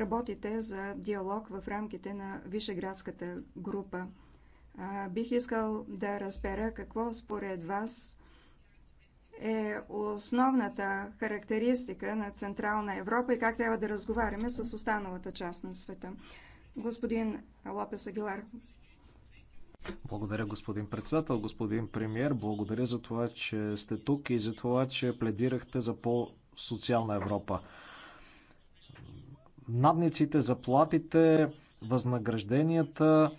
работите за диалог в рамките на Вишеградската група. Бих искал да разбера какво според вас е основната характеристика на Централна Европа и как трябва да разговаряме с останалата част на света. Господин Лопес Агилар, благодаря, господин председател, господин премьер. Благодаря за това, че сте тук и за това, че пледирахте за по-социална Европа надниците, заплатите, възнагражденията,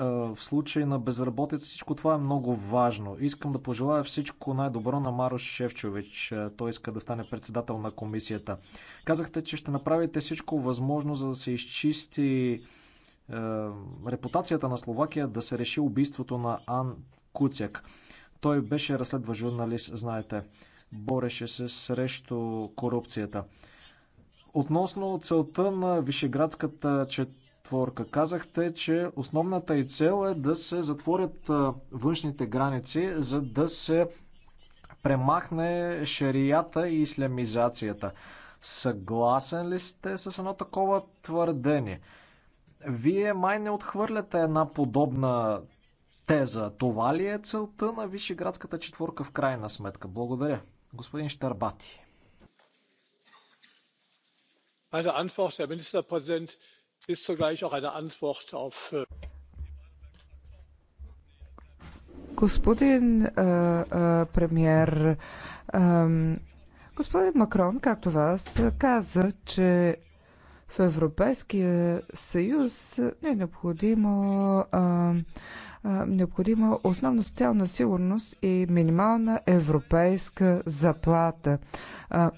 в случай на безработица. Всичко това е много важно. Искам да пожелая всичко най-добро на Марош Шевчович. Той иска да стане председател на комисията. Казахте, че ще направите всичко възможно, за да се изчисти е, репутацията на Словакия, да се реши убийството на Ан Куцяк. Той беше разследва журналист, знаете. Бореше се срещу корупцията. Относно целта на Вишеградската четворка, казахте, че основната и цел е да се затворят външните граници, за да се премахне шарията и ислямизацията. Съгласен ли сте с едно такова твърдение? Вие май не отхвърляте една подобна теза. Това ли е целта на Вишеградската четворка в крайна сметка? Благодаря. Господин Штарбати eine antwort herr ministerpräsident ist zugleich auch eine antwort auf. Äh, господин äh, äh, премиер господин макрон както вас каза че в европейския съюз не е необходимо необходима основна социална сигурност и минимална европейска заплата.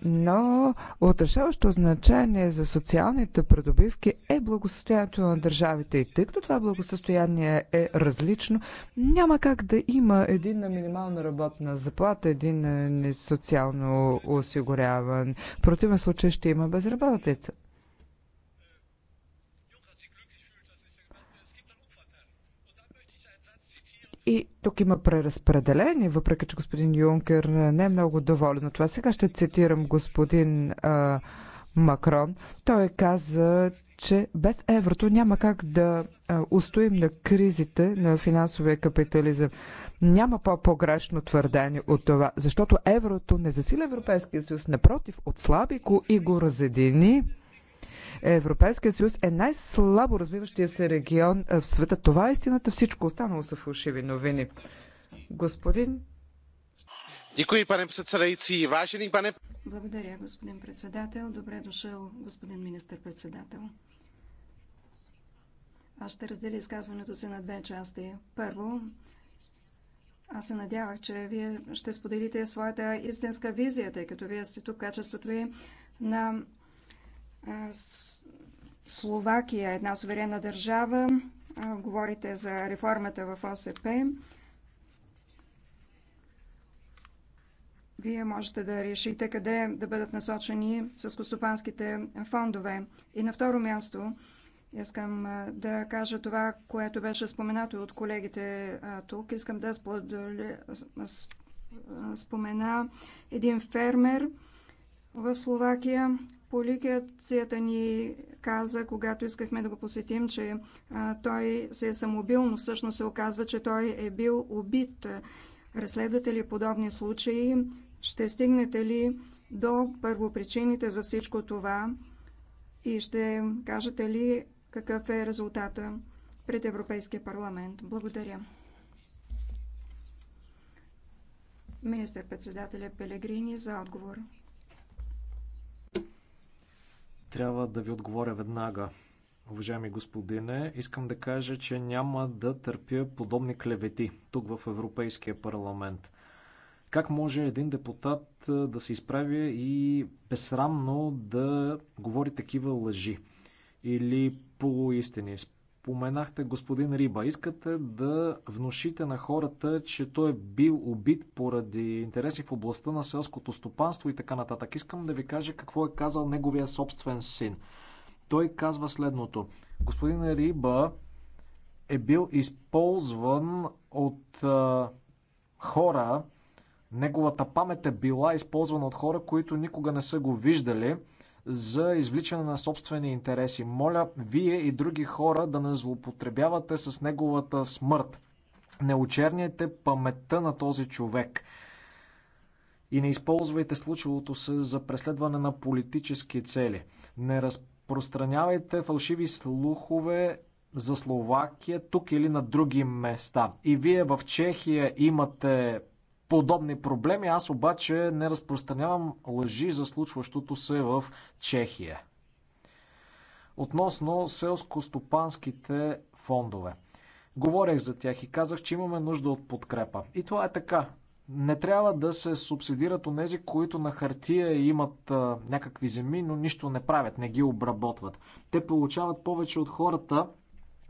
Но отрешаващо значение за социалните придобивки е благосъстоянието на държавите. И тъй като това благосъстояние е различно, няма как да има един на минимална работна заплата, един на социално осигуряван. В противен случай ще има безработица. И тук има преразпределение, въпреки че господин Юнкер не е много доволен от това. Сега ще цитирам господин а, Макрон. Той каза, че без еврото няма как да устоим на кризите на финансовия капитализъм. Няма по-погрешно твърдение от това, защото еврото не засиля Европейския съюз, напротив, отслаби го и го разедини. Европейския съюз е най-слабо развиващия се регион в света. Това е истината. Всичко останало са фалшиви новини. Господин. пане председající. важени пане... Благодаря, господин председател. Добре дошъл, господин министър-председател. Аз ще разделя изказването си на две части. Първо, аз се надявах, че вие ще споделите своята истинска визия, тъй като вие сте тук качеството ви на Словакия е една суверена държава. Говорите за реформата в ОСП. Вие можете да решите къде да бъдат насочени съскостопанските фондове. И на второ място искам да кажа това, което беше споменато от колегите тук. Искам да споделя, спомена един фермер в Словакия, Полицията ни каза, когато искахме да го посетим, че а, той се е самобил, но всъщност се оказва, че той е бил убит. Разследвате ли подобни случаи? Ще стигнете ли до първопричините за всичко това? И ще кажете ли какъв е резултата пред Европейския парламент? Благодаря. Министър-председателя Пелегрини за отговор трябва да ви отговоря веднага. Уважаеми господине, искам да кажа, че няма да търпя подобни клевети тук в Европейския парламент. Как може един депутат да се изправи и безсрамно да говори такива лъжи или полуистини? споменахте господин Риба. Искате да внушите на хората, че той е бил убит поради интереси в областта на селското стопанство и така нататък. Искам да ви кажа какво е казал неговия собствен син. Той казва следното. Господин Риба е бил използван от а, хора, неговата памет е била използвана от хора, които никога не са го виждали – за извличане на собствени интереси. Моля вие и други хора да не злоупотребявате с неговата смърт. Не очерняйте паметта на този човек и не използвайте случилото се за преследване на политически цели. Не разпространявайте фалшиви слухове за Словакия тук или на други места. И вие в Чехия имате подобни проблеми. Аз обаче не разпространявам лъжи за случващото се в Чехия. Относно селско-стопанските фондове. Говорех за тях и казах, че имаме нужда от подкрепа. И това е така. Не трябва да се субсидират онези, които на хартия имат а, някакви земи, но нищо не правят, не ги обработват. Те получават повече от хората,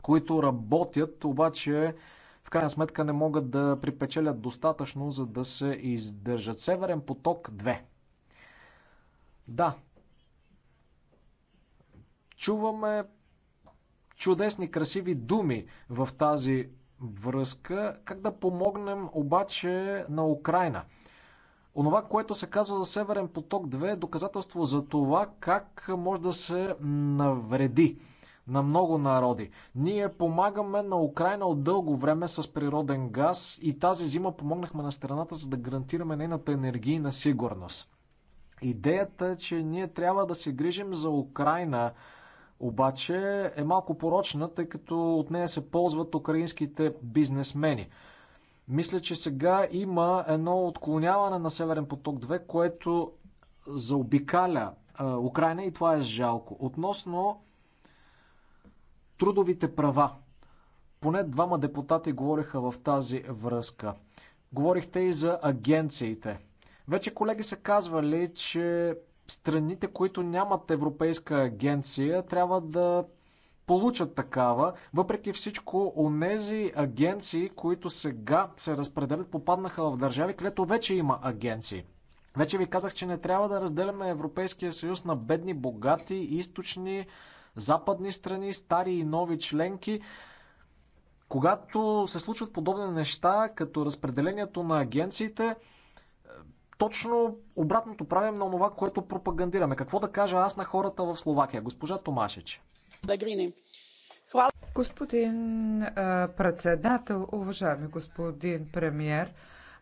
които работят, обаче в крайна сметка не могат да припечелят достатъчно, за да се издържат. Северен поток 2. Да. Чуваме чудесни, красиви думи в тази връзка. Как да помогнем обаче на Украина? Онова, което се казва за Северен поток 2 е доказателство за това как може да се навреди на много народи. Ние помагаме на Украина от дълго време с природен газ и тази зима помогнахме на страната, за да гарантираме нейната енергийна сигурност. Идеята, е, че ние трябва да се грижим за Украина, обаче е малко порочна, тъй като от нея се ползват украинските бизнесмени. Мисля, че сега има едно отклоняване на Северен поток 2, което заобикаля Украина и това е жалко. Относно Трудовите права. Поне двама депутати говориха в тази връзка. Говорихте и за агенциите. Вече колеги са казвали, че страните, които нямат Европейска агенция, трябва да получат такава. Въпреки всичко, онези агенции, които сега се разпределят, попаднаха в държави, където вече има агенции. Вече ви казах, че не трябва да разделяме Европейския съюз на бедни, богати, източни, западни страни, стари и нови членки. Когато се случват подобни неща, като разпределението на агенциите, е, точно обратното правим на това, което пропагандираме. Какво да кажа аз на хората в Словакия? Госпожа Томашич. Лагрини. Господин председател, уважаеми господин премьер,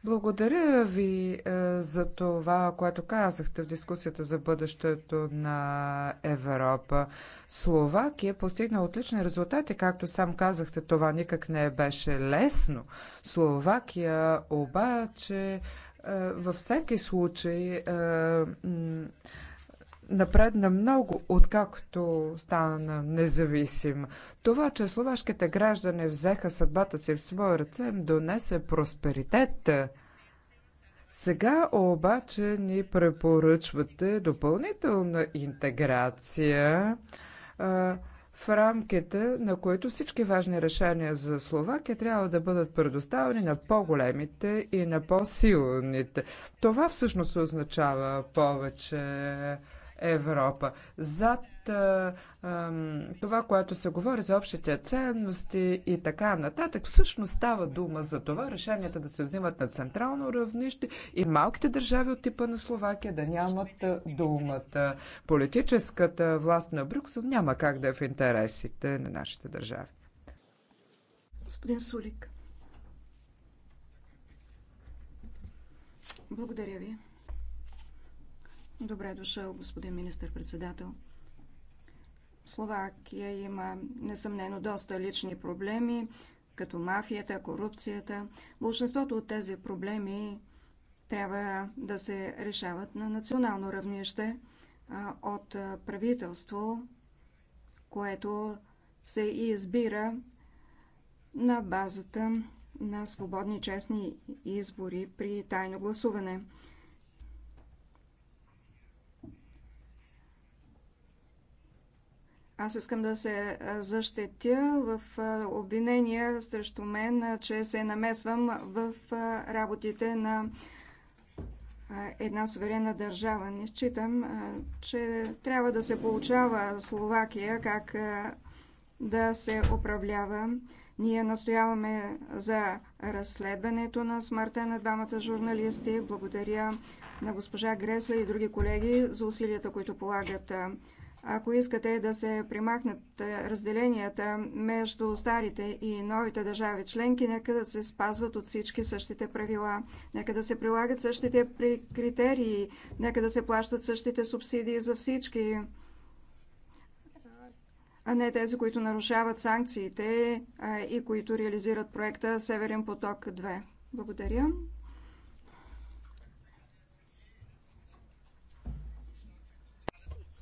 благодаря ви е, за това, което казахте в дискусията за бъдещето на Европа. Словакия е постигна отлични резултати, както сам казахте, това никак не беше лесно. Словакия обаче е, във всеки случай напредна много, откакто стана независим. Това, че словашките граждани взеха съдбата си в своя ръце, им донесе просперитет. Сега обаче ни препоръчвате допълнителна интеграция в рамките на които всички важни решения за Словакия трябва да бъдат предоставени на по-големите и на по-силните. Това всъщност означава повече Европа. Зад а, а, това, което се говори за общите ценности и така нататък, всъщност става дума за това решенията да се взимат на централно равнище и малките държави от типа на Словакия да нямат думата. Политическата власт на Брюксел няма как да е в интересите на нашите държави. Господин Сулик. Благодаря ви. Добре дошъл, господин министър-председател. Словакия има несъмнено доста лични проблеми, като мафията, корупцията. Большинството от тези проблеми трябва да се решават на национално равнище от правителство, което се избира на базата на свободни честни избори при тайно гласуване. Аз искам да се защитя в обвинения срещу мен, че се намесвам в работите на една суверена държава. Не считам, че трябва да се получава Словакия как да се управлява. Ние настояваме за разследването на смъртта на двамата журналисти. Благодаря на госпожа Греса и други колеги за усилията, които полагат. Ако искате да се примахнат е, разделенията между старите и новите държави членки, нека да се спазват от всички същите правила, нека да се прилагат същите критерии, нека да се плащат същите субсидии за всички, а не тези, които нарушават санкциите е, и които реализират проекта Северен поток 2. Благодаря.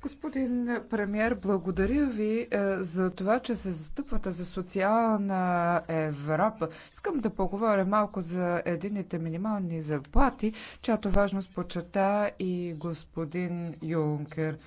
Господин премьер, благодаря ви е, за това, че се застъпвате за социална Европа. Искам да поговоря малко за едините минимални заплати, чиято важност почета и господин Юнкер.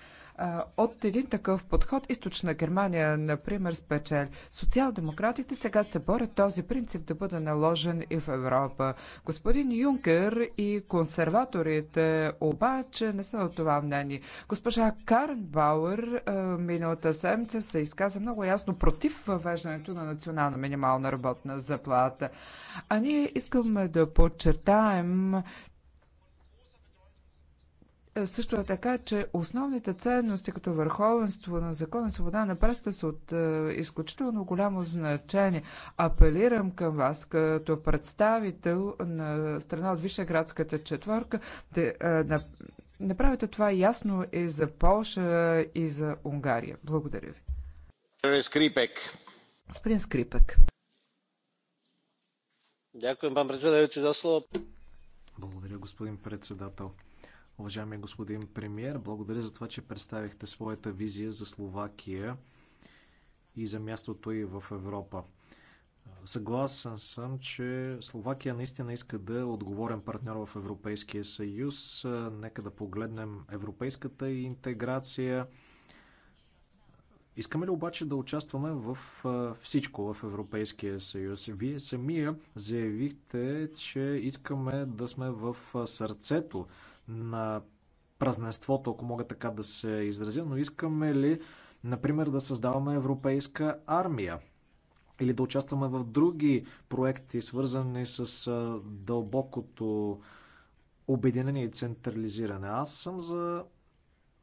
От един такъв подход източна Германия, например, спечели. Социал-демократите сега се борят този принцип да бъде наложен и в Европа. Господин Юнкер и консерваторите обаче не са от това мнение. Госпожа Карн Бауер миналата седмица се изказа много ясно против въвеждането на национална минимална работна заплата. А ние искаме да подчертаем, е, също е така, че основните ценности като върховенство на закона и свобода на преста са от е, изключително голямо значение. Апелирам към вас като представител на страна от Вишеградската четворка да е, на, направите това ясно и за Полша и за Унгария. Благодаря ви. Скрипек. Господин Скрипек. Благодаря, господин председател. Уважаеми господин премьер, благодаря за това, че представихте своята визия за Словакия и за мястото и в Европа. Съгласен съм, че Словакия наистина иска да е отговорен партньор в Европейския съюз. Нека да погледнем европейската интеграция. Искаме ли обаче да участваме в всичко в Европейския съюз? Вие самия заявихте, че искаме да сме в сърцето на празненството, ако мога така да се изразя, но искаме ли, например, да създаваме европейска армия? Или да участваме в други проекти, свързани с дълбокото обединение и централизиране. Аз съм за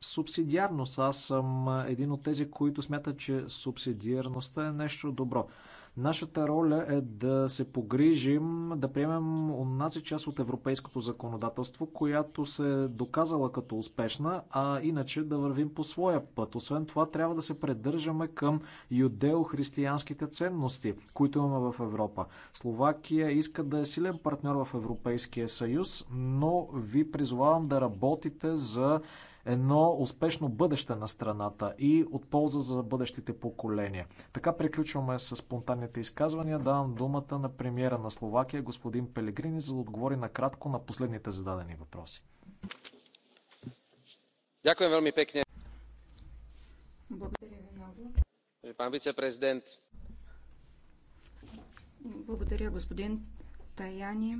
субсидиарност. Аз съм един от тези, които смятат, че субсидиарността е нещо добро. Нашата роля е да се погрижим, да приемем онази част от европейското законодателство, която се е доказала като успешна, а иначе да вървим по своя път. Освен това, трябва да се придържаме към юдео-християнските ценности, които имаме в Европа. Словакия иска да е силен партньор в Европейския съюз, но ви призовавам да работите за едно успешно бъдеще на страната и от полза за бъдещите поколения. Така приключваме с спонтанните изказвания. Давам думата на премиера на Словакия, господин Пелегрини, за да отговори накратко на последните зададени въпроси. Дякуем Благодаря ви много. Пан вице-президент. Благодаря, господин Таяни,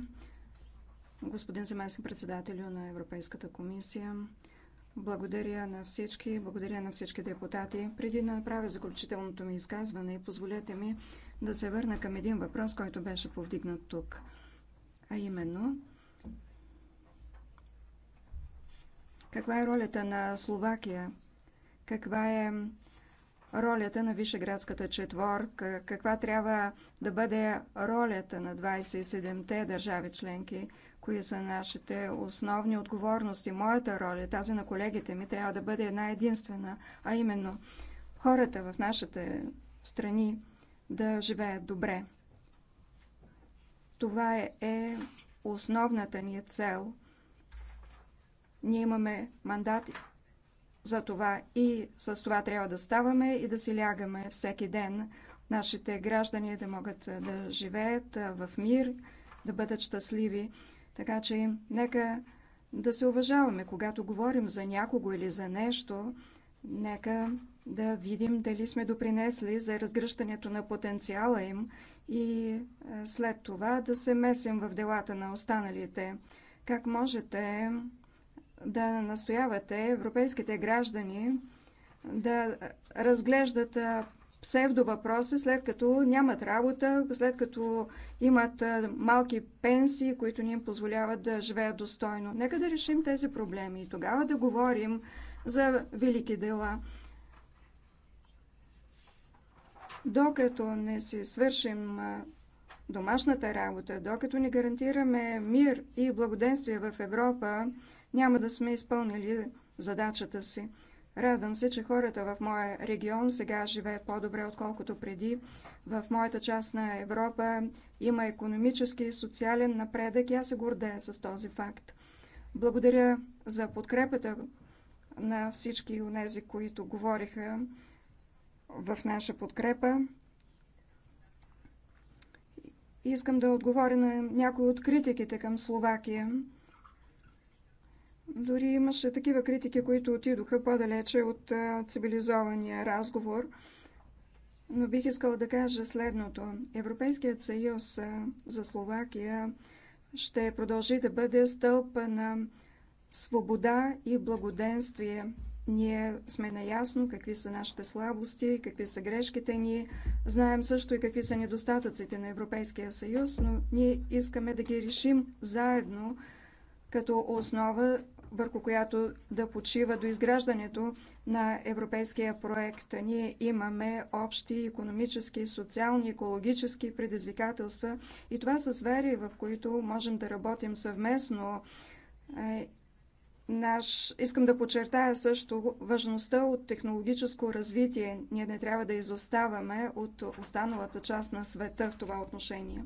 господин заместник председател на Европейската комисия, благодаря на всички, благодаря на всички депутати. Преди да направя заключителното ми изказване, позволете ми да се върна към един въпрос, който беше повдигнат тук. А именно, каква е ролята на Словакия? Каква е ролята на Вишеградската четворка? Каква трябва да бъде ролята на 27-те държави членки? кои са нашите основни отговорности. Моята роля, тази на колегите ми, трябва да бъде една единствена, а именно хората в нашите страни да живеят добре. Това е, е основната ни цел. Ние имаме мандат за това и с това трябва да ставаме и да си лягаме всеки ден. Нашите граждани да могат да живеят в мир, да бъдат щастливи. Така че нека да се уважаваме, когато говорим за някого или за нещо, нека да видим дали сме допринесли за разгръщането на потенциала им и е, след това да се месим в делата на останалите. Как можете да настоявате европейските граждани да разглеждат е, псевдовъпроси, след като нямат работа, след като имат малки пенсии, които ни им позволяват да живеят достойно. Нека да решим тези проблеми и тогава да говорим за велики дела. Докато не си свършим домашната работа, докато не гарантираме мир и благоденствие в Европа, няма да сме изпълнили задачата си. Радвам се, че хората в моя регион сега живеят по-добре, отколкото преди. В моята част на Европа има економически и социален напредък и аз се гордея с този факт. Благодаря за подкрепата на всички от тези, които говориха в наша подкрепа. Искам да отговоря на някои от критиките към Словакия. Дори имаше такива критики, които отидоха по-далече от цивилизования разговор. Но бих искала да кажа следното. Европейският съюз за Словакия ще продължи да бъде стълпа на свобода и благоденствие. Ние сме наясно какви са нашите слабости, какви са грешките ни. Знаем също и какви са недостатъците на Европейския съюз, но ние искаме да ги решим заедно като основа върху която да почива до изграждането на европейския проект. Ние имаме общи економически, социални, екологически предизвикателства и това са сфери, в които можем да работим съвместно. Е, наш... Искам да подчертая също важността от технологическо развитие. Ние не трябва да изоставаме от останалата част на света в това отношение.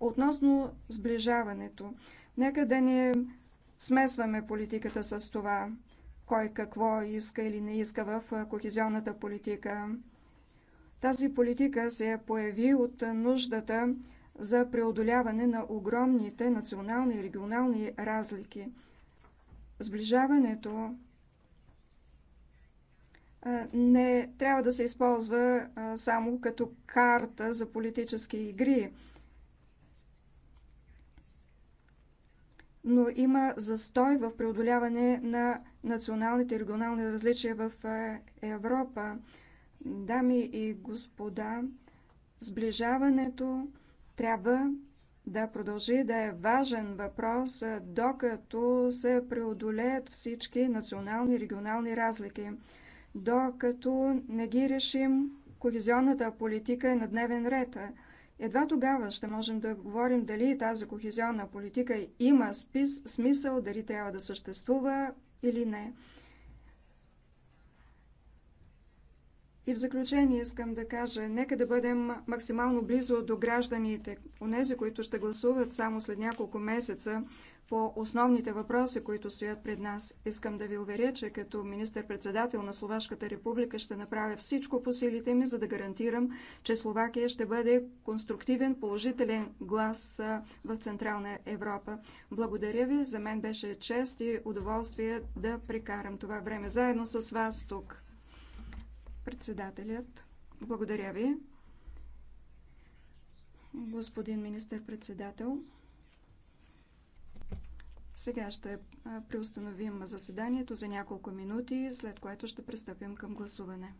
Относно сближаването, нека да не смесваме политиката с това, кой какво иска или не иска в кохезионната политика. Тази политика се появи от нуждата за преодоляване на огромните национални и регионални разлики. Сближаването не трябва да се използва само като карта за политически игри. но има застой в преодоляване на националните и регионални различия в е, Европа. Дами и господа, сближаването трябва да продължи да е важен въпрос, е, докато се преодолеят всички национални и регионални разлики. Докато не ги решим, кохезионната политика е на дневен ред. Едва тогава ще можем да говорим дали тази кохезионна политика има спис, смисъл, дали трябва да съществува или не. И в заключение искам да кажа, нека да бъдем максимално близо до гражданите, нези, които ще гласуват само след няколко месеца, по основните въпроси, които стоят пред нас. Искам да ви уверя, че като министър-председател на Словашката република ще направя всичко по силите ми, за да гарантирам, че Словакия ще бъде конструктивен, положителен глас в Централна Европа. Благодаря ви, за мен беше чест и удоволствие да прекарам това време заедно с вас тук. Председателят, благодаря ви. Господин министър-председател, сега ще приустановим заседанието за няколко минути, след което ще пристъпим към гласуване.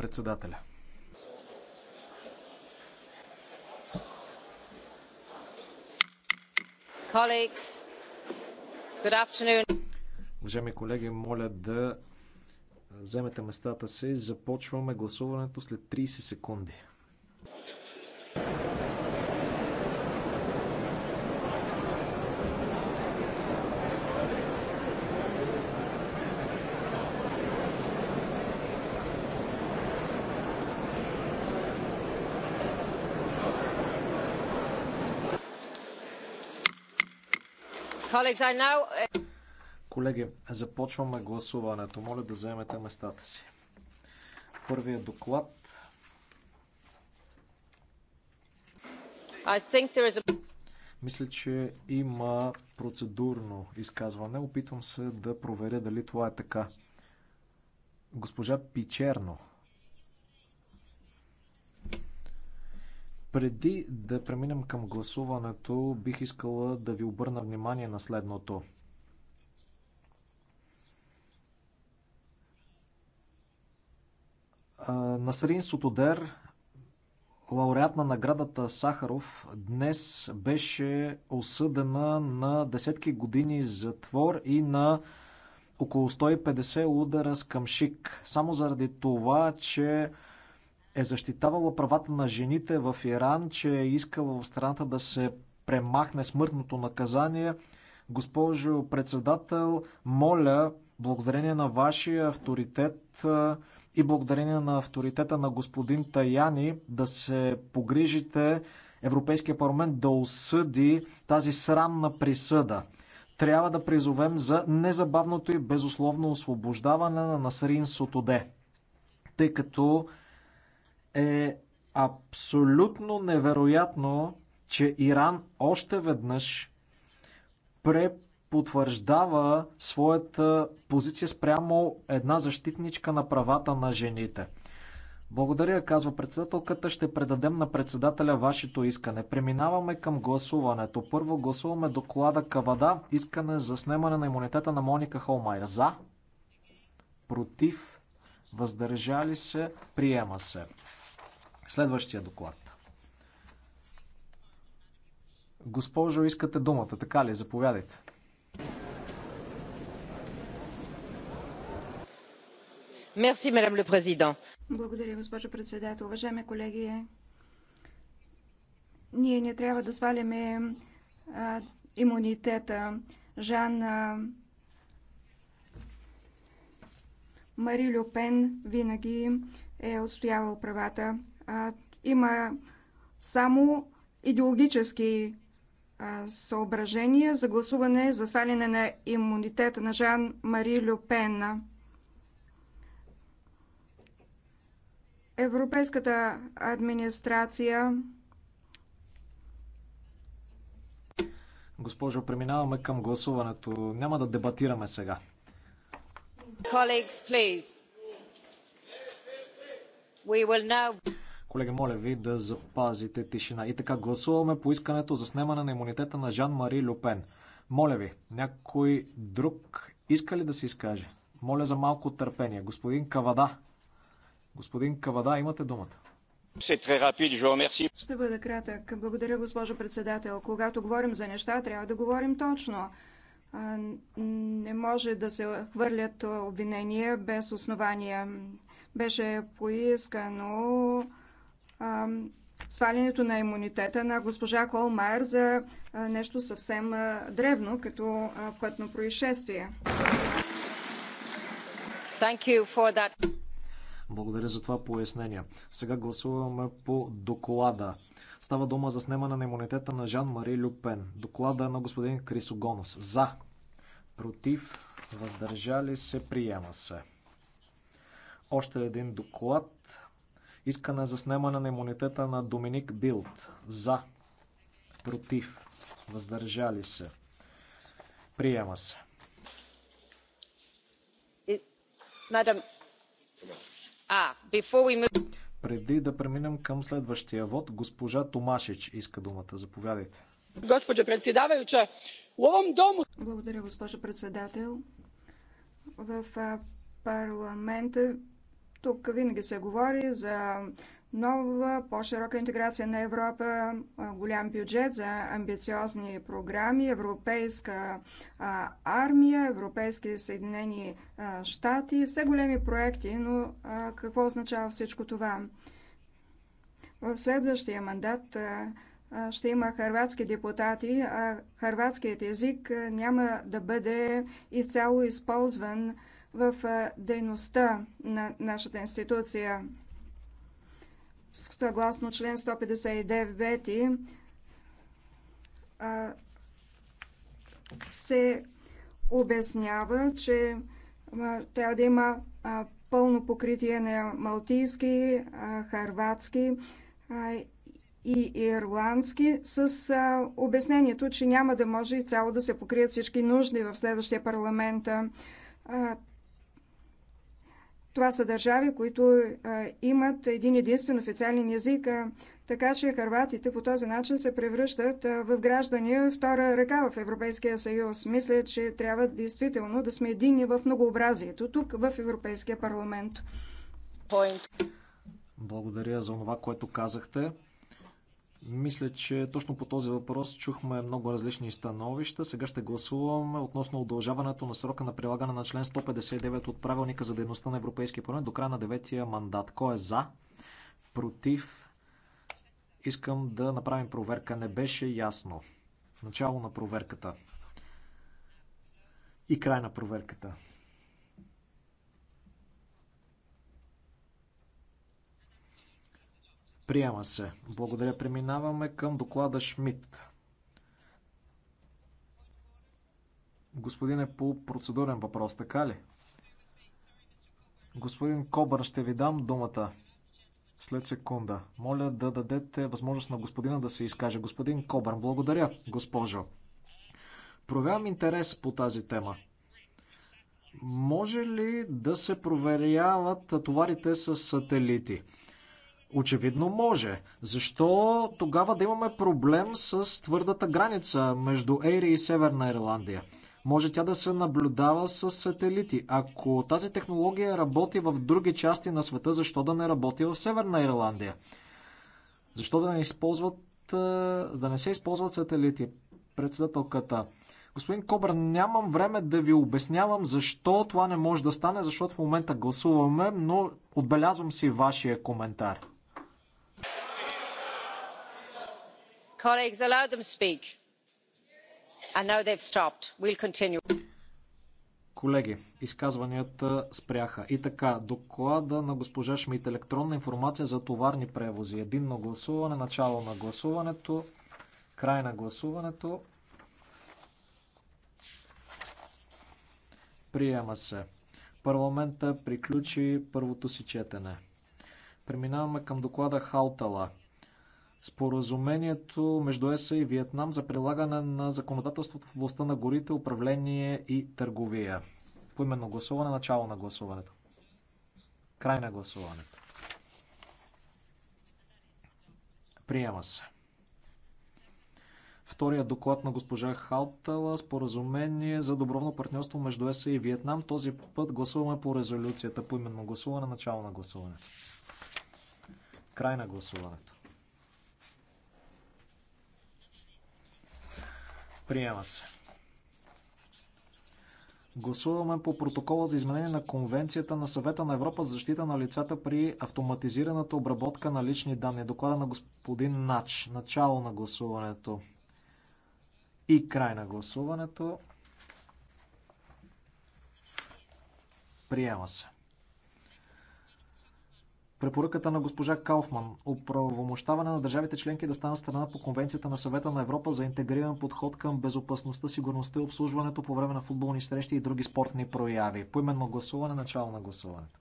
Председателя. Уважаеми колеги, моля да вземете местата си. Започваме гласуването след 30 секунди. Uh, Колеги, започваме гласуването. Моля да заемете местата си. Първият доклад. A... Мисля, че има процедурно изказване. Опитвам се да проверя дали това е така. Госпожа Пичерно. Преди да преминем към гласуването, бих искала да ви обърна внимание на следното. Насрин Сотодер, лауреат на наградата Сахаров, днес беше осъдена на десетки години затвор и на около 150 удара с камшик. Само заради това, че е защитавала правата на жените в Иран, че е искала в страната да се премахне смъртното наказание. Госпожо председател, моля, благодарение на вашия авторитет и благодарение на авторитета на господин Таяни, да се погрижите Европейския парламент да осъди тази срамна присъда. Трябва да призовем за незабавното и безусловно освобождаване на Насрин Сотоде, тъй като е абсолютно невероятно, че Иран още веднъж препотвърждава своята позиция спрямо една защитничка на правата на жените. Благодаря, казва председателката. Ще предадем на председателя вашето искане. Преминаваме към гласуването. Първо гласуваме доклада Кавада. Искане за снемане на имунитета на Моника Холмайер. За? Против? Въздържали се? Приема се. Следващия доклад. Госпожо, искате думата, така ли? Заповядайте. Благодаря, госпожо председател. Уважаеми колеги, ние не трябва да сваляме а, имунитета. Жан а, Мари Люпен винаги е отстоявал правата има само идеологически съображения за гласуване за сваляне на имунитета на Жан-Мари Люпен. Европейската администрация Госпожо, преминаваме към гласуването. Няма да дебатираме сега. Colleagues, please. We will now... Колеги, моля ви да запазите тишина. И така, гласуваме по искането за снемане на имунитета на Жан-Мари Люпен. Моля ви, някой друг иска ли да се изкаже? Моля за малко търпение. Господин Кавада. Господин Кавада, имате думата. Ще бъда кратък. Благодаря, госпожо председател. Когато говорим за неща, трябва да говорим точно. Не може да се хвърлят обвинения без основания. Беше поискано свалянето на имунитета на госпожа Холмайер за нещо съвсем древно, като пътно происшествие. Благодаря за това пояснение. Сега гласуваме по доклада. Става дума за снемане на имунитета на Жан-Мари Люпен. Доклада на господин Крисогонос. За. Против. Въздържали се. Приема се. Още един доклад. Искане за снемане на имунитета на Доминик Билт. За. Против. Въздържали се. Приема се. Преди да преминем към следващия вод, госпожа Томашич иска думата. Заповядайте. Госпожа председавајуча, в овом дому... Благодаря, госпожо председател. В парламента тук винаги се говори за нова, по-широка интеграция на Европа, голям бюджет за амбициозни програми, европейска армия, европейски Съединени щати, все големи проекти, но какво означава всичко това? В следващия мандат ще има харватски депутати, а харватският език няма да бъде изцяло използван в дейността на нашата институция. Съгласно член 159 се обяснява, че трябва да има пълно покритие на малтийски, харватски и ирландски с обяснението, че няма да може и цяло да се покрият всички нужди в следващия парламент. Това са държави, които имат един единствен официален език, така че харватите по този начин се превръщат в граждани втора ръка в Европейския съюз. Мисля, че трябва действително да сме единни в многообразието тук в Европейския парламент. Point. Благодаря за това, което казахте. Мисля, че точно по този въпрос чухме много различни становища. Сега ще гласуваме относно удължаването на срока на прилагане на член 159 от правилника за дейността на Европейския парламент до края на деветия мандат. Кой е за? Против? Искам да направим проверка. Не беше ясно. Начало на проверката. И край на проверката. Приема се. Благодаря. Преминаваме към доклада Шмидт. Господин е по процедурен въпрос, така ли? Господин Кобър, ще ви дам думата след секунда. Моля да дадете възможност на господина да се изкаже. Господин Кобър, благодаря, госпожо. Проявявам интерес по тази тема. Може ли да се проверяват товарите с сателити? Очевидно може. Защо тогава да имаме проблем с твърдата граница между Ейри и Северна Ирландия? Може тя да се наблюдава с сателити. Ако тази технология работи в други части на света, защо да не работи в Северна Ирландия? Защо да не, използват, да не се използват сателити? Председателката. Господин Кобър, нямам време да ви обяснявам защо това не може да стане, защото в момента гласуваме, но отбелязвам си вашия коментар. colleagues allow them speak. And now they've stopped. We'll continue. Колеги, изказванията спряха. И така, доклада на госпожа Шмидт, електронна информация за товарни превози. Единно гласуване, начало на гласуването, край на гласуването. Приема се. Парламента приключи първото си четене. Преминаваме към доклада Халтала споразумението между ЕСА и Виетнам за прилагане на законодателството в областта на горите, управление и търговия. Поименно гласуване, начало на гласуването. Край на гласуването. Приема се. Втория доклад на госпожа Халтала споразумение за добровно партньорство между ЕСА и Виетнам. Този път гласуваме по резолюцията по именно гласуване, начало на гласуването. Край на гласуването. Приема се. Гласуваме по протокола за изменение на Конвенцията на съвета на Европа за защита на лицата при автоматизираната обработка на лични данни. Доклада на господин Нач. Начало на гласуването и край на гласуването. Приема се. Препоръката на госпожа Кауфман – оправомощаване на държавите членки да станат страна по Конвенцията на Съвета на Европа за интегриран подход към безопасността, сигурността и обслужването по време на футболни срещи и други спортни прояви. Поименно гласуване, начало на гласуването.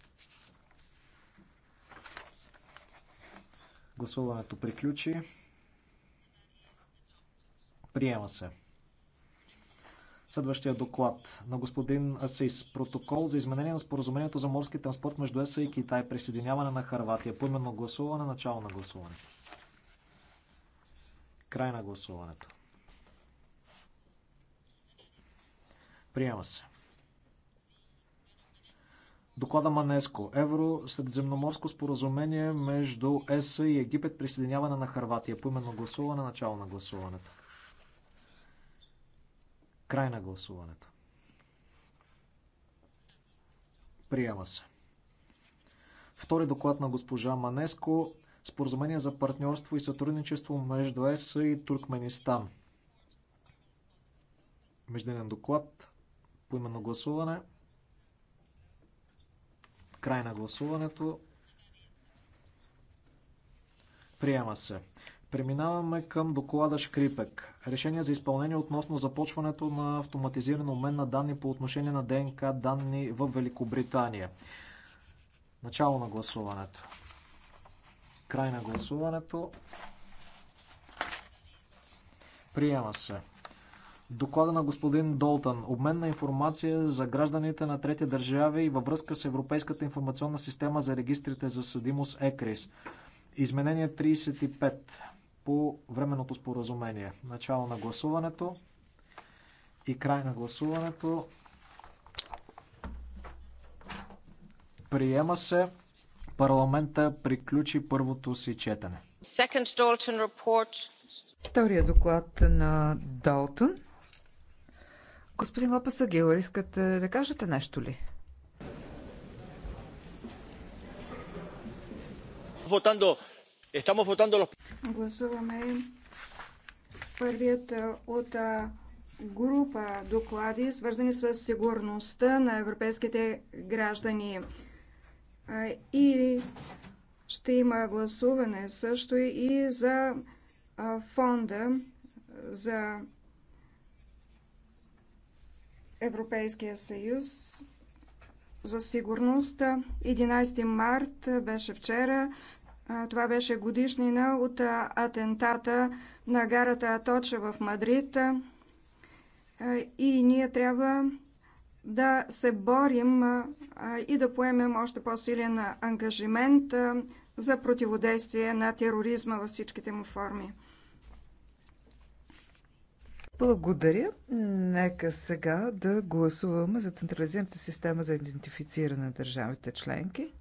Гласуването приключи. Приема се. Следващия доклад на господин Асис. Протокол за изменение на споразумението за морски транспорт между ЕСА и Китай. Присъединяване на Харватия. Поименно гласуване. Начало на гласуване. Край на гласуването. Приема се. Доклада Манеско. Евро средземноморско споразумение между ЕСА и Египет присъединяване на Харватия. Поименно гласуване. Начало на гласуването. Край на гласуването. Приема се. Втори доклад на госпожа Манеско. Споразумение за партньорство и сътрудничество между ЕС и Туркменистан. Междинен доклад. по именно гласуване. Край на гласуването. Приема се. Преминаваме към доклада Шкрипек. Решение за изпълнение относно започването на автоматизиран обмен на данни по отношение на ДНК данни в Великобритания. Начало на гласуването. Край на гласуването. Приема се. Доклада на господин Долтан. Обмен на информация за гражданите на трети държави и във връзка с Европейската информационна система за регистрите за съдимост ЕКРИС. Изменение 35 по временното споразумение. Начало на гласуването и край на гласуването. Приема се. Парламента приключи първото си четене. Втория доклад на Далтън. Господин Лопес Агил, искате да кажете нещо ли? Votando Гласуваме първият е, от е, група доклади, свързани с сигурността на европейските граждани. Е, и ще има гласуване също и за фонда за Европейския съюз за сигурност. 11 март беше вчера. Това беше годишнина от атентата на гарата Аточа в Мадрид. И ние трябва да се борим и да поемем още по-силен ангажимент за противодействие на тероризма във всичките му форми. Благодаря. Нека сега да гласуваме за Централизираната система за идентифициране на държавите членки.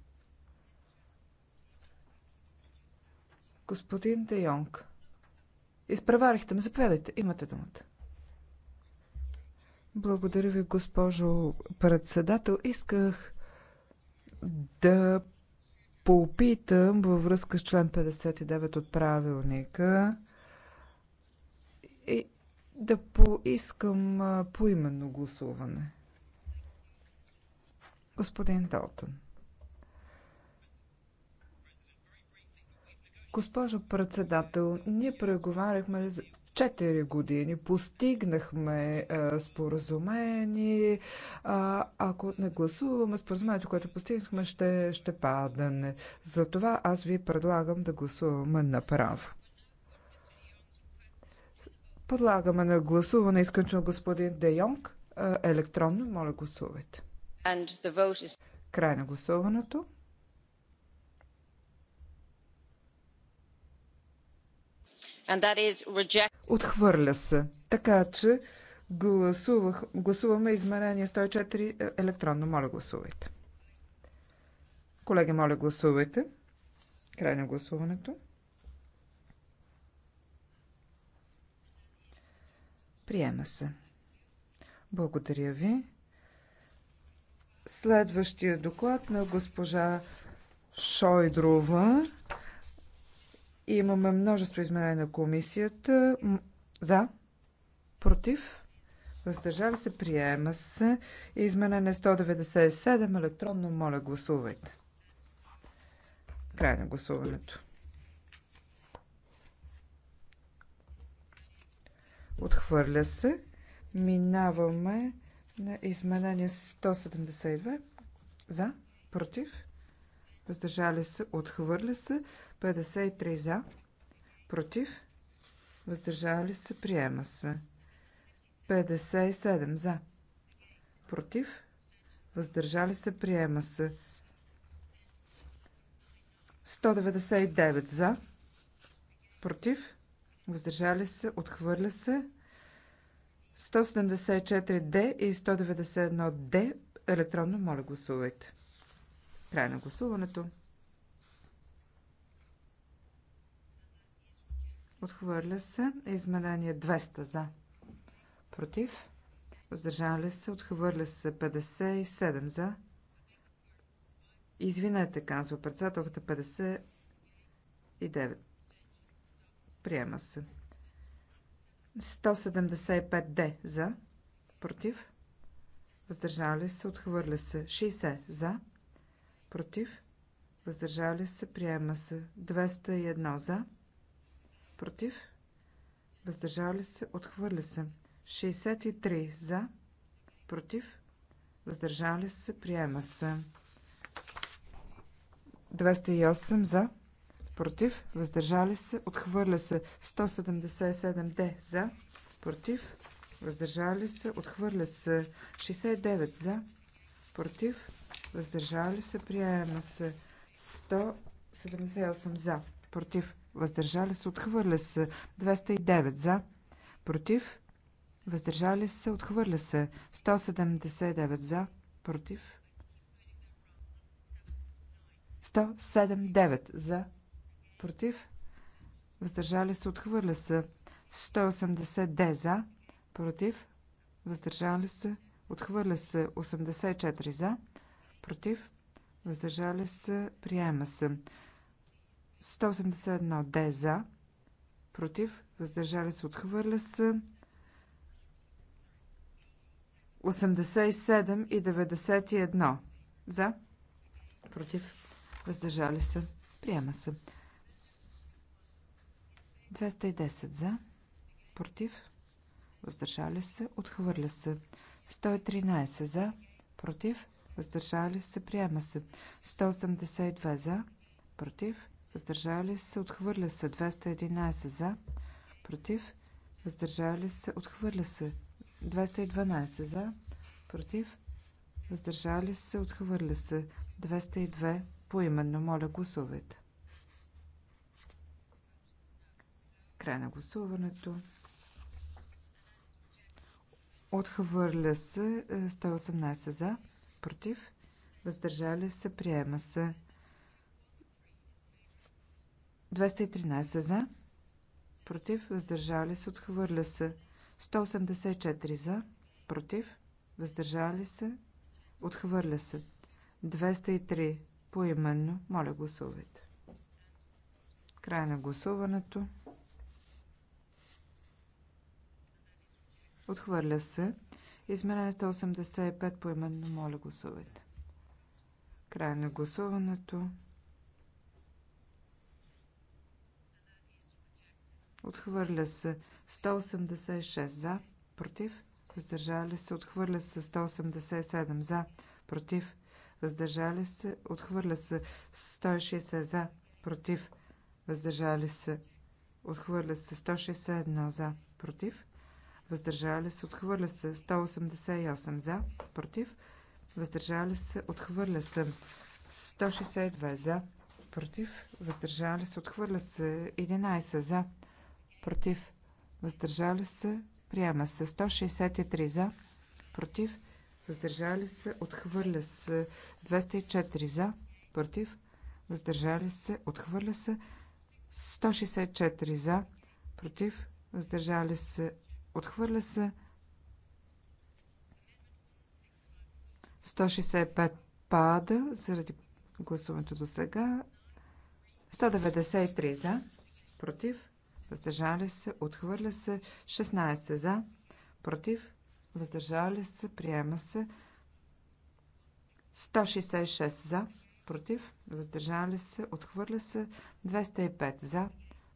Господин Де Йонг, изпреварихте ме, заповядайте, имате думата. Благодаря ви, госпожо председател. Исках да попитам във връзка с член 59 от правилника и да поискам поименно гласуване. Господин Далтон. Госпожо председател, ние преговаряхме за 4 години, постигнахме а, е, споразумение. А, ако не гласуваме споразумението, което постигнахме, ще, ще падане. Затова аз ви предлагам да гласуваме направо. Подлагаме на гласуване искането на господин Де Йонг. Е, електронно, моля гласувайте. Is... Край на гласуването. Отхвърля се. Така че гласувах, гласуваме изменение 104 е, електронно. Моля, гласувайте. Колеги, моля, гласувайте. Край на гласуването. Приема се. Благодаря ви. Следващия доклад на госпожа Шойдрова Имаме множество изменения на комисията. За? Против? Въздържали се? Приема се. Изменение 197. Електронно моля гласувайте. Край на гласуването. Отхвърля се. Минаваме на изменение 172. За? Против? Въздържали се? Отхвърля се. 53 за, против, въздържали се, приема се. 57 за, против, въздържали се, приема се. 199 за, против, въздържали се, отхвърля се. 174 Д и 191D електронно, моля гласувайте. Край на гласуването. Отхвърля се. Изменение 200 за. Против. Въздържали се. Отхвърля се 57 за. Извинете, казва председателката 59. Приема се. 175 Д за. Против. Въздържали се. Отхвърля се 60 за. Против. Въздържали се. Приема се 201 за против, въздържали се, отхвърля се. 63 за, против, въздържали се, приема се. 208 за, против, въздържали се, отхвърля се. 177 д за, против, въздържали се, отхвърля се. 69 за, против, въздържали се, приема се. 178 за, против, въздържали се, отхвърля се. 209 за, против, въздържали се, отхвърля се. 179 за, против. 179 за, против, въздържали се, отхвърля се. 180 де за, против, въздържали се, отхвърля се. 84 за, против, въздържали се, приема се. 181 Д за, против, въздържали се, отхвърля се. 87 и 91 за, против, въздържали се, приема се. 210 за, против, въздържали се, отхвърля се. 113 за, против, въздържали се, приема се. 182 за, против, въздържали се, отхвърля се. 211 за, против, въздържали се, отхвърля се. 212 за, против, въздържали се, отхвърля се. 202 поименно, моля гласувайте. Край на гласуването. Отхвърля се 118 е, за, против, въздържали се, приема се 213 за, против, въздържали се, отхвърля се. 184 за, против, въздържали се, отхвърля се. 203 поименно, моля гласувайте. Край на гласуването. Отхвърля се. Изменение 185 поименно, моля гласувайте. Край на гласуването. Отхвърля се 186 за, против, въздържали се, отхвърля се 187 за, против, въздържали се, отхвърля се 160 за, против, въздържали се, отхвърля се 161 за, против, въздържали се, отхвърля се 188 за, против, въздържали се, отхвърля се 162 за, против, въздържали се, отхвърля се 11 за, против, въздържали се, приема се. 163 за, против, въздържали се, отхвърля се. 204 за, против, въздържали се, отхвърля се. 164 за, против, въздържали се, отхвърля се. 165 пада заради гласуването до сега. 193 за, против, въздържали се, отхвърля се 16 за, против, въздържали се, приема се 166 за, против, въздържали се, отхвърля се 205 за,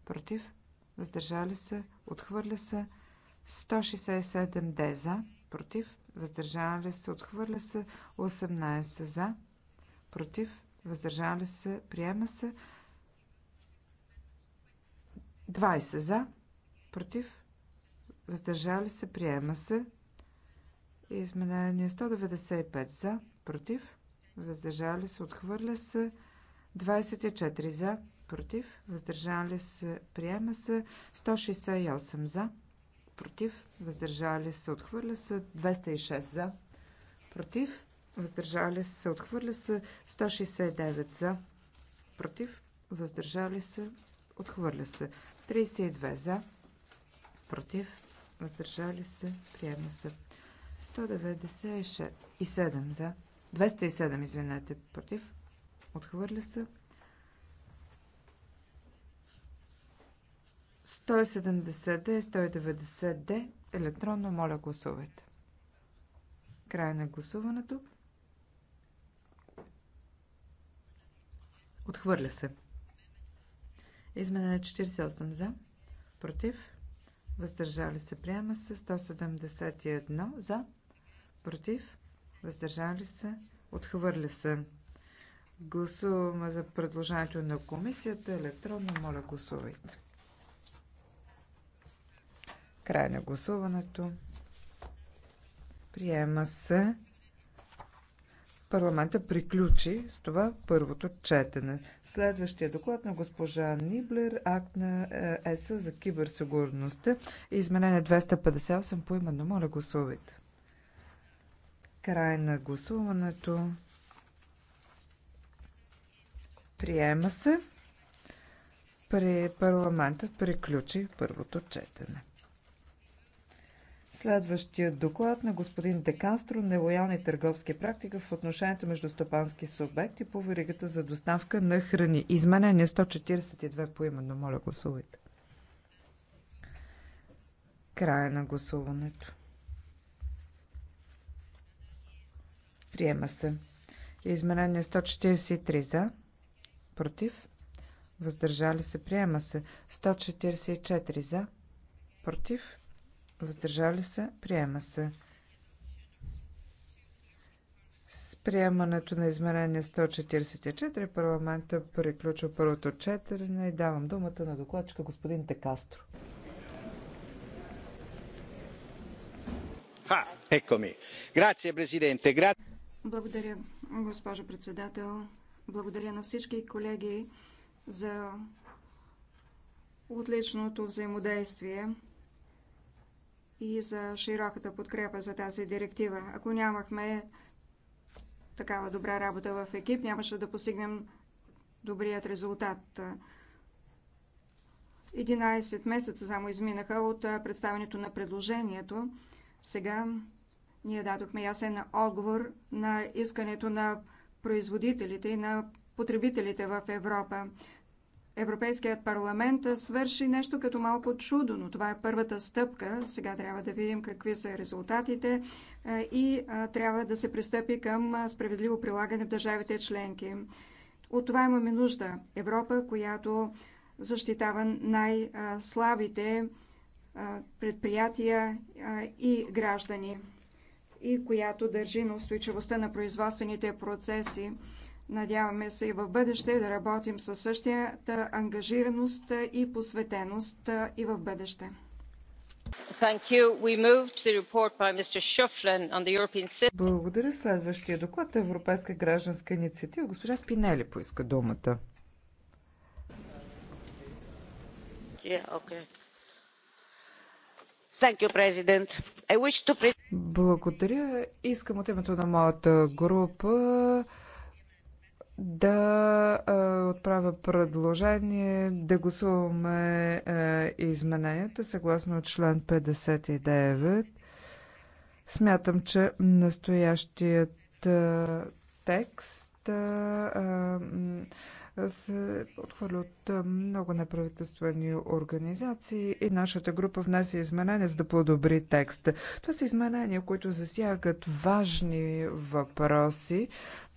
против, въздържали се, отхвърля се 167 д за, против, въздържали се, отхвърля се 18 за, против, въздържали се, приема се 20 за, против, въздържали се, приема се. Изменение 195 за, против, въздържали се, отхвърля се. 24 за, против, въздържали се, приема се. 168 за, против, въздържали се, отхвърля се. 206 за, против, въздържали се, отхвърля се. 169 за, против, въздържали се, отхвърля се. 32 за, против, въздържали се, приема се. 197 за, 207, извинете, против, отхвърля се. 170D, 190D, електронно, моля гласувайте. Край на гласуването. Отхвърля се. Изменение 48 за. Против. Въздържали се. Приема се. 171 за. Против. Въздържали се. Отхвърля се. Гласуваме за предложението на комисията. Електронно, моля, гласувайте. Край на гласуването. Приема се. Парламента приключи с това първото четене. Следващия доклад на госпожа Ниблер, акт на е, ЕС за киберсигурността, изменение 258 по именно. Моля, гласувайте. Край на гласуването. Приема се. При парламентът приключи първото четене. Следващия доклад на господин Декастро нелоялни търговски практики в отношението между стопански субекти по веригата за доставка на храни. Изменение 142 по именно. Моля гласувайте. Края на гласуването. Приема се. Изменение 143 за. Против. Въздържали се. Приема се. 144 за. Против въздържали се, приема се. С приемането на изменение 144 парламента приключва първото четене и давам думата на докладчика господин Текастро. А, Грация, президенте. Гра... Благодаря, госпожо председател. Благодаря на всички колеги за отличното взаимодействие и за широката подкрепа за тази директива. Ако нямахме такава добра работа в екип, нямаше да постигнем добрият резултат. 11 месеца само изминаха от представянето на предложението. Сега ние дадохме ясен отговор на искането на производителите и на потребителите в Европа. Европейският парламент свърши нещо като малко чудо, но това е първата стъпка. Сега трябва да видим какви са резултатите е, и е, трябва да се пристъпи към е, справедливо прилагане в държавите членки. От това имаме нужда. Европа, която защитава най-слабите предприятия и граждани и която държи на устойчивостта на производствените процеси. Надяваме се и в бъдеще да работим със същата ангажираност и посветеност и в бъдеще. Благодаря. Следващия доклад е Европейска гражданска инициатива. Госпожа Спинели поиска думата. Yeah, okay. you, Благодаря. Искам от името на моята група да а, отправя предложение да гласуваме а, измененията съгласно член 59. Смятам, че настоящият а, текст а, а, се отхвърля от много неправителствени организации и нашата група внася изменения, за да подобри текста. Това са изменения, които засягат важни въпроси,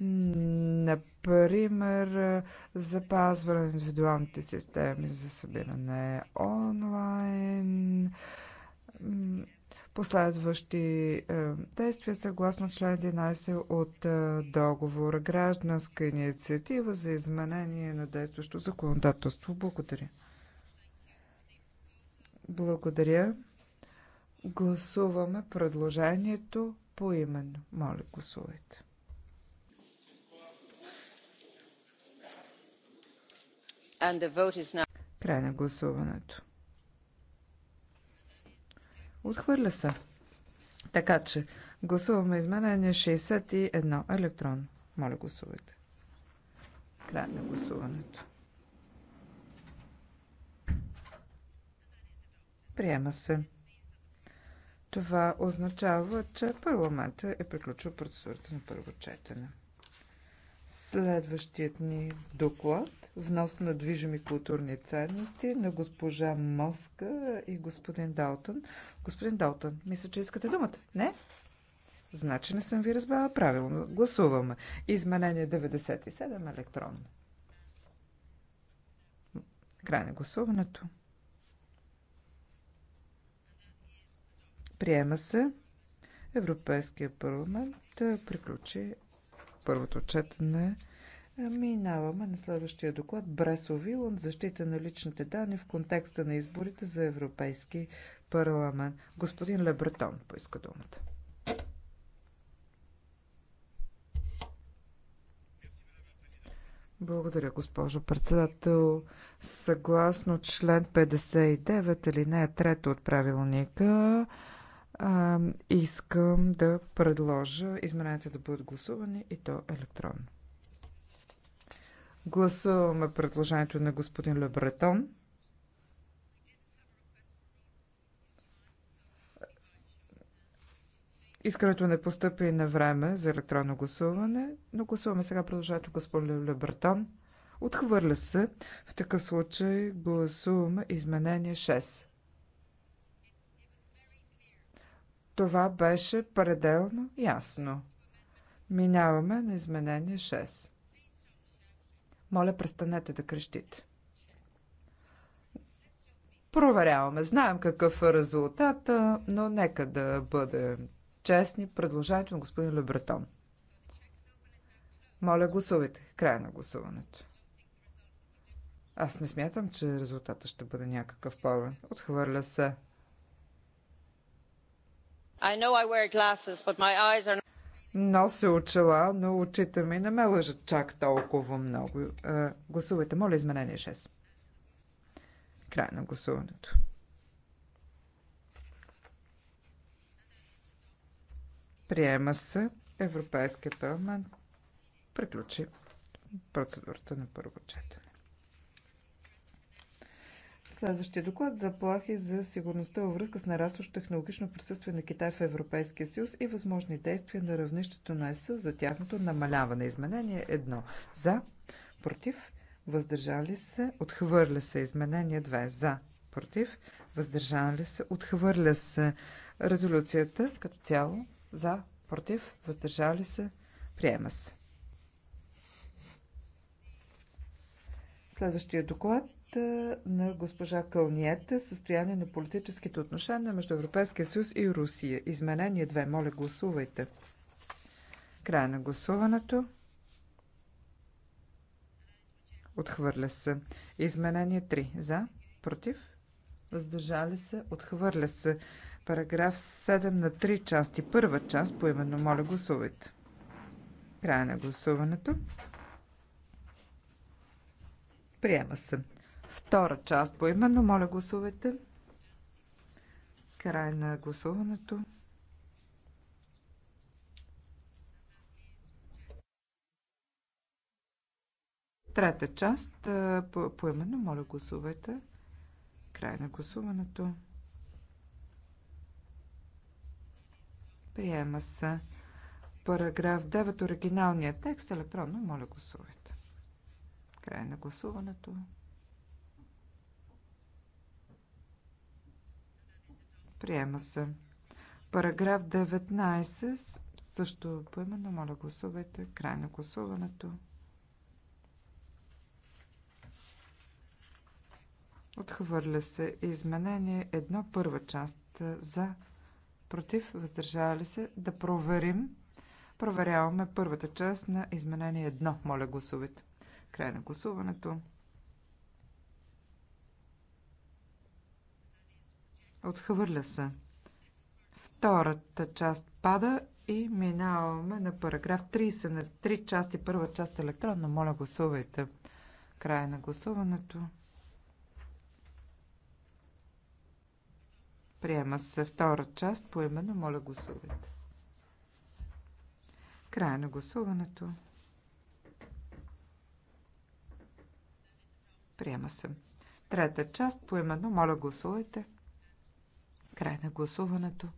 например запазване на индивидуалните системи за събиране онлайн, последващи е, действия съгласно член 11 от е, договора. Гражданска инициатива за изменение на действащо законодателство. Благодаря. Благодаря. Гласуваме предложението по именно. Моля, гласувайте. Край на гласуването. Отхвърля се. Така че гласуваме изменение 61 електрон. Моля гласувайте. Край на гласуването. Приема се. Това означава, че парламентът е приключил процедурата на първо четене. Следващият ни доклад внос на движими културни ценности на госпожа Моска и господин Далтън. Господин Далтън, мисля, че искате думата. Не? Значи не съм ви разбрала правилно. Гласуваме. Изменение 97 електронно. Край на гласуването. Приема се. Европейския парламент приключи първото четене Минаваме на следващия доклад Бресови от защита на личните данни в контекста на изборите за Европейски парламент. Господин Лебретон поиска думата. Благодаря, госпожо председател. Съгласно член 59 или не, трето от правилника, а, искам да предложа измененията да бъдат гласувани и то електронно. Гласуваме предложението на господин Лебретон. Искането не постъпи на време за електронно гласуване, но гласуваме сега предложението господин Лебретон. Отхвърля се. В такъв случай гласуваме изменение 6. Това беше пределно ясно. Минаваме на изменение 6. Моля, престанете да крещите. Проверяваме. Знаем какъв е резултат, но нека да бъде честни. Предложението на господин Лебретон. Моля, гласувайте. Край на гласуването. Аз не смятам, че резултата ще бъде някакъв повен. Отхвърля се. I know I wear glasses, but my eyes are се очела, но очите ми не ме лъжат чак толкова много. Е, гласувайте, моля, изменение 6. Край на гласуването. Приема се Европейския парламент. Приключи процедурата на първо четене. Следващия доклад заплахи за сигурността във връзка с нарастващо технологично присъствие на Китай в Европейския съюз и възможни действия на равнището на ЕС за тяхното намаляване. Изменение едно. За, против, въздържали се, отхвърля се. Изменение 2. За, против, въздържали се, отхвърля се. Резолюцията като цяло за, против, въздържали се, приема се. Следващия доклад на госпожа Кълниета. състояние на политическите отношения между Европейския съюз и Русия. Изменение 2. Моля, гласувайте. Края на гласуването. Отхвърля се. Изменение 3. За. Против. Въздържали се. Отхвърля се. Параграф 7 на 3 части. Първа част по именно Моля, гласувайте. Края на гласуването. Приема се. Втора част по именно. Моля гласувайте. Край на гласуването. Трета част по, именно. Моля гласувайте. Край на гласуването. Приема се. Параграф 9, оригиналния текст, електронно, моля гласувайте. Край на гласуването. Приема се. Параграф 19. Също поименно, моля гласувайте. Край на гласуването. Отхвърля се изменение едно първа част за против, въздържали се да проверим. Проверяваме първата част на изменение 1. Моля гласувайте. Край на гласуването. Отхвърля се. Втората част пада и минаваме на параграф 30 на 3 части. Първа част електронно. Моля, гласувайте. Края на гласуването. Приема се втора част по именно. Моля, гласувайте. Края на гласуването. Приема се. Трета част по именно. Моля, гласувайте. Край на гласуването.